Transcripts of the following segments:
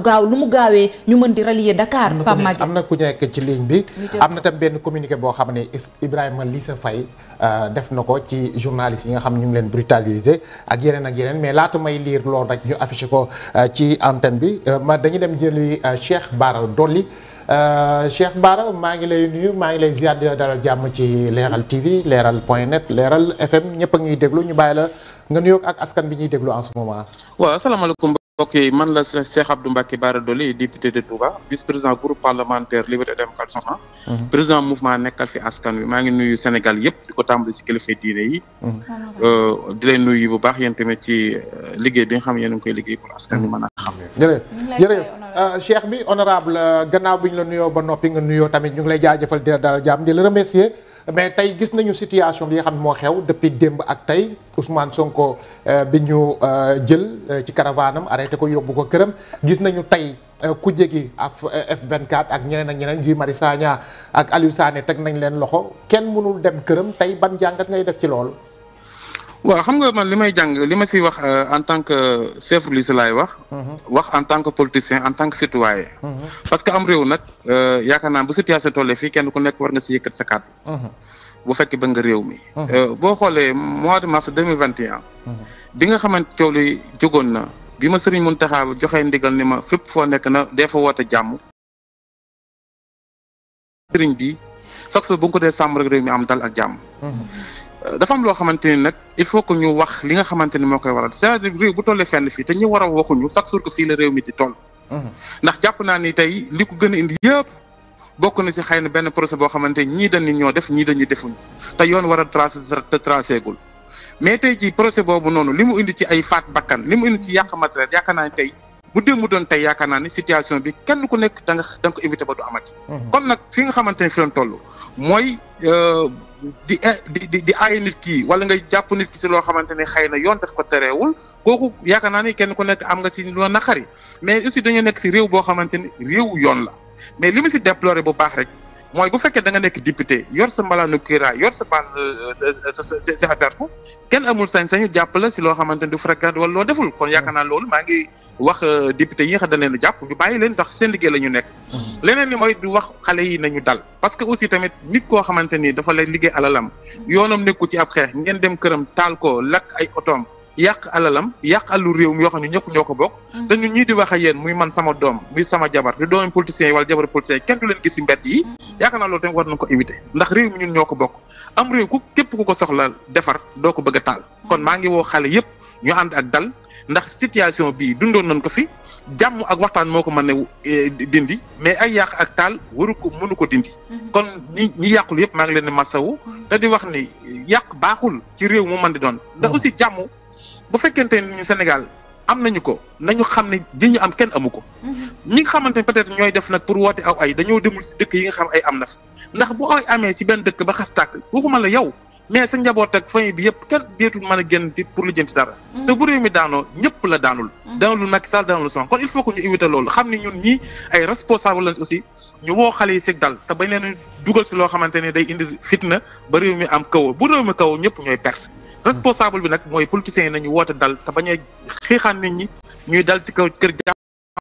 gaaw lu mu gaawee ñu mën di rallier Dakar. Pape Maguette am na ku nekk ci ligne bi. am na tam benn communiqué boo xam ne Ibrahima Lissa Faye euh, def na ko ci journaliste yi nga xam ñu ngi leen brutaliser ak yeneen ak yeneen mais laata may lire loolu rek ñu affiché ko euh, ci antenne bi euh, ma dañu dem jëli Cheikh Bara Dolly. Cheikh Bara maa ngi lay nuyu maa ngi lay ziar di la dalal jàmm ci Leral TV Leral point net Leral FM ñëpp a ngi déglu ñu bàyyi la nga nuyoog ak askan bi ñuy déglu en ce mbokk yi man la Cheikh Abdou Mbacké Bara Dolly député de Touba vice président groupe parlementaire Liberté Démocratie Changement président mouvement nekkal fi askan wi maa ngi nuyu Sénégal yëpp di ko tàmbali ci mhm. euh, di leen nuyu bu baax yéen tamit ci euh, liggéey bi nga xam ne koy liggéey pour askan wi mën a xam jërëjëf jërëjëf euh, Cheikh bi honorable gannaaw bi ñu la nuyoo ba noppi nga nuyoo tamit ñu ngi lay jaajëfal di la a jàmm di la remercier mais tey gis nañu situation bi xam moo xew depuis démb ak tey Ousmane Sonko euh, bi ñu euh, jël euh, ci caravanam arrêté ko yóbbu ko këram gis nañu tey ku jegi af F24 ak ñeneen ak ñeneen Guy Marius Sagna ak Aliou Sané teg nañ leen loxo kenn mënul dem këram tey ban jàngat ngay def ci loolu. waaw xam nga man li may jàng li ma si wax euh, en tant que chef religieux laay wax. Mhm. wax en tant que politicien en tant que citoyen. Mhm. parce que am réew nag euh, yaakaar naa bu situation tollee fii kenn ku nekk war nga si yëkkat sa kàddu. Mhm. bu fekkee bëgg nga réew mi. Euh, boo xoolee mois de mars deux mille vingt et un. bi nga xamante coow li jógoon na bi ma sëriñ Mountakha joxe ndigal ni ma fépp foo nekk na dee fa woote jàmm. sëriñ bi sax bu nga ko dee sàmm rek réew mi am dal ak jàmm. dafa am loo xamante ni il faut que ñu wax li nga xamante moo koy waral bu tollee fenn fii te ñu war waxuñu chaque jour que fii la réew mi di toll. ndax jàpp naa ni tey li ko gën a indi yëpp bokk na benn projet boo xamante ni ñii dañu ñoo def ñii dañu defuñu te yoon war a tracé te tracé gul mais noonu li mu indi ay faat bakkan li mu indi ci yàq matériel yaakaar naa ni tey bu démb doon tey bi kenn ku nekk da nga da nga ko éviter ba du amati. kon nag fi nga xamante fi doon toll mooy. Euh, Eh, di di di nit ki wala nga jàpp nit ki si loo xamante ne xëy na yoon daf ko terewul kooku yaakaar naa ni kenn ku nekk am nga ci loo naqari mais aussi dañoo nekk si réew boo xamante ni réew yoon la mais li mu si déploré bu baax rek mooy bu fekkee da nga nekk député yor sa mbalaanu kiira yor sa ban euh, euh, sa sa asarku kenn amul sañ-sañu jàpp la si loo xamante ni du fréquent wala loo deful kon yaakaar loolu maa ngi wax euh, député yi nga xam ne dañ leen a jàpp ñu leen ndax seen liggéey la ñu nekk. Mm-hmm. leneen li mooy di wax xale yi nañu dal parce que aussi tamit nit koo xamante ni dafa lay liggéey alalam yoonam nekku ci ab xeex ngeen dem këram taal ko lakk ay otoom yàq alalam yàq alu réew mi yoo xam ne ñëpp ñoo ko bokk te mm-hmm. ñun ñii di wax yéen muy man sama doom muy sama jabar doo doomi politiciens yi wala jabar politiciens yi kenn du leen gis ci mbedd yi mm-hmm. yaakaar naa loolu tamit war nañ ko éviter ndax réew mi ñun ñoo ko bokk am réew ku képp ku ko soxla defar doo ko bëgg a taal kon maa ngi woo xale yëpp ñu ànd ak dal ndax situation bii dundoon nañ ko fi jàmm ak waxtaan moo ko mën a eh, dindi mais ay yàq ak taal waru ko mënu ko dindi. Mhm. kon ñi ñi yàqul yëpp maa ngi leen di masawu mhm. te di wax ni yàq baaxul ci réew mu mën di doon. ndax mhm. aussi jàmm bu fekkente ni Sénégal am nañu ko nañu xam ne di ñu am kenn amu ko. ñi nga xamante ne peut-être ñooy def nag pour woote aw ay dañoo demul si dëkk yi nga xam ay am na fa ndax bu ay amee ci benn dëkk ba xas tàkk waxuma la yow. mais sa njaboot ak famille bi yëpp kat deetul mën a génn pour li jënti dara mm. te bu réew mi daanoo ñëpp la daanul mm. daanul Macky Sall daanul Sonko kon il faut que ñu éviter xam ne ñun ñi ay responsable lañ aussi ñu woo xale yi si dal te bañ leen si loo xamante ne day indi fitna ba réew mi am kaw bu réew mi kawoo ñëpp ñooy perte mm. responsable bi nag mooy politiciens yi nañu woote dal te ba a xeexaan nit ñi ñuy dal ci kaw kër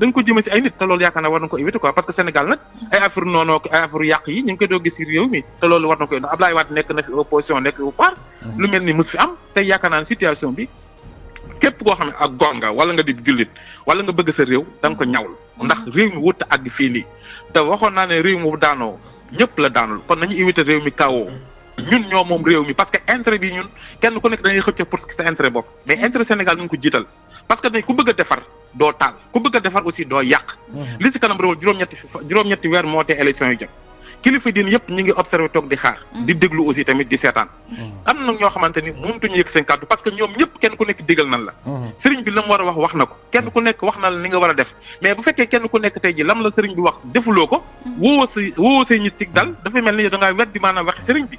dañ ko jëmee si ay nit te loolu yaakaar naa war na ko éviter quoi parce que Sénégal nag ay noonu ak ay affaire yi ñu ngi koy doog gis si réew mi te loolu war na ko ndax Abdoulaye Wade nekk na fi opposition nekk au pouvoir mm-hmm. lu mel ni mus fi am te yaakaar naa situation bi képp koo xam ne ak góor nga wala nga di jullit wala nga bëgg sa réew da nga ko mm-hmm. ñaw ndax réew mi wut àgg fii nii te waxoon naa ne réew mu daanoo ñëpp la daanul kon nañu éviter réew mi kawoo mm-hmm. ñun ñoo moom réew mi parce que intérêt bi ñun kenn ku nekk dañuy xëcc pour sa intérêt bopp mais mmh. intérêt Sénégal ñu ngi ko jiital parce que ne ku bëgg a defar doo taal ku bëgg a defar aussi doo yàq. Mmh. li si kanam réewal juróom-ñetti juróom-ñetti weer moo tee élection yi jot kilifa diin yëpp ñu ngi observé toog di xaar. Mmh. di déglu aussi tamit di seetaan. am na ñoo xamante ni mënatuñu yëg seen kàddu parce que ñoom ñëpp kenn ku nekk digal nan la. sëriñ bi la mu war a wax wax na ko kenn ku nekk wax na la war a def mais bu fekkee nekk tey ji lam la sëriñ bi wax defuloo ko. woo sa woo say nit ci dal dafa bi.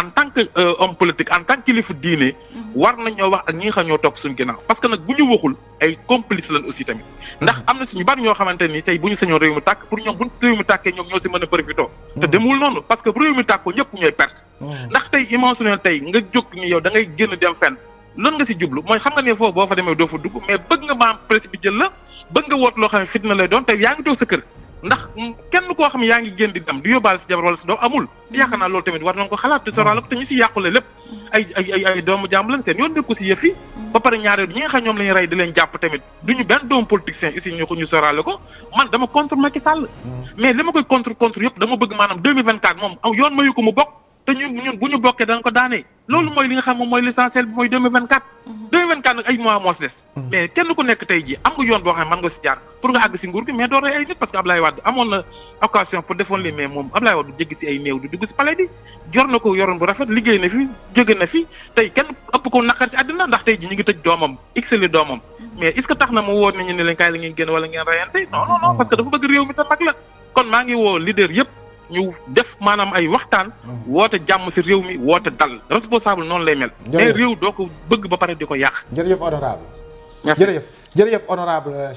en tant que euh, homme politique en tant que kilifa diine. Mhm. war nañoo wax ak ñi nga ñoo toog suñu ginnaaw parce que nag bu ñu waxul ay complice lañ aussi tamit. Mhm. ndax am na suñu bari ñoo xamante ni tey bu ñu sañoon réew mi tàkk pour ñoom bu réew mi tàkkee ñoom ñoo si mën a profitoo. Mhm. te demul noonu parce que bu réew mi tàkkoo ñëpp ñooy perte. ndax tey émotionnel tey nga jóg ni yow da ngay génn dem fenn. loolu nga si jublu mooy xam nga ne foofu boo fa demee doo fa dugg mais bëgg nga maam presse bi jël la lay doon tey yaa ngi toog kër ndax kenn koo xam yaa ngi génn di dem di yóbbaale sa jabar wala sa doom amul mm-hmm. yaakaar naa loolu tamit war nañ ko xalaat te soral ko te ñu si yàqule lépp mm-hmm. ay ay doomu jàmm lañ seen yoon nekku si yëf yi mm-hmm. ba pare ñaareel ñi nga ñoom la rey di leen jàpp tamit duñu benn doomu politicien ici ñu ñu sorale ko man dama contre Macky Sall mais li ma koy contre contre yëpp dama bëgg maanaam 2024 moom yoon mayu ko mu bokk te ñun ñun bu ñu bokkee danga ko daanee loolu mooy li nga xam moom mooy l'essentiel bi mooy deux mille vingt quatre mhm. deux mille vingt quatre nag ay mois moo si des mhm. mais kenn ku nekk tey ji am nga yoon boo xam ne mën nga si jaar pour nga àgg si nguur gi mais doo rey nit parce que Ablaye Wade amoon na occasion pour defoon li mais moom Ablaye Wade jéggi si ay néew di dugg si palais bi yor na ko yoroon bu rafet liggéey na fi jóge na fi tey kenn ëpp ko naqar si àddina ndax tey ji ñu ngi tëj doomam xeli doomam mhm. mais est-ce que tax na mu wóor nañu ne leen kaay kon maa ngi woo leader yëpp ñu def maanaam ay waxtaan. Mhm. woote jàmm si réew mi woote dal responsable noonu lay mel. jërëjëf réew doo ko bëgg ba pare di ko yàq. jërëjëf honorable. merci jërëjëf jërëjëf honorable euh,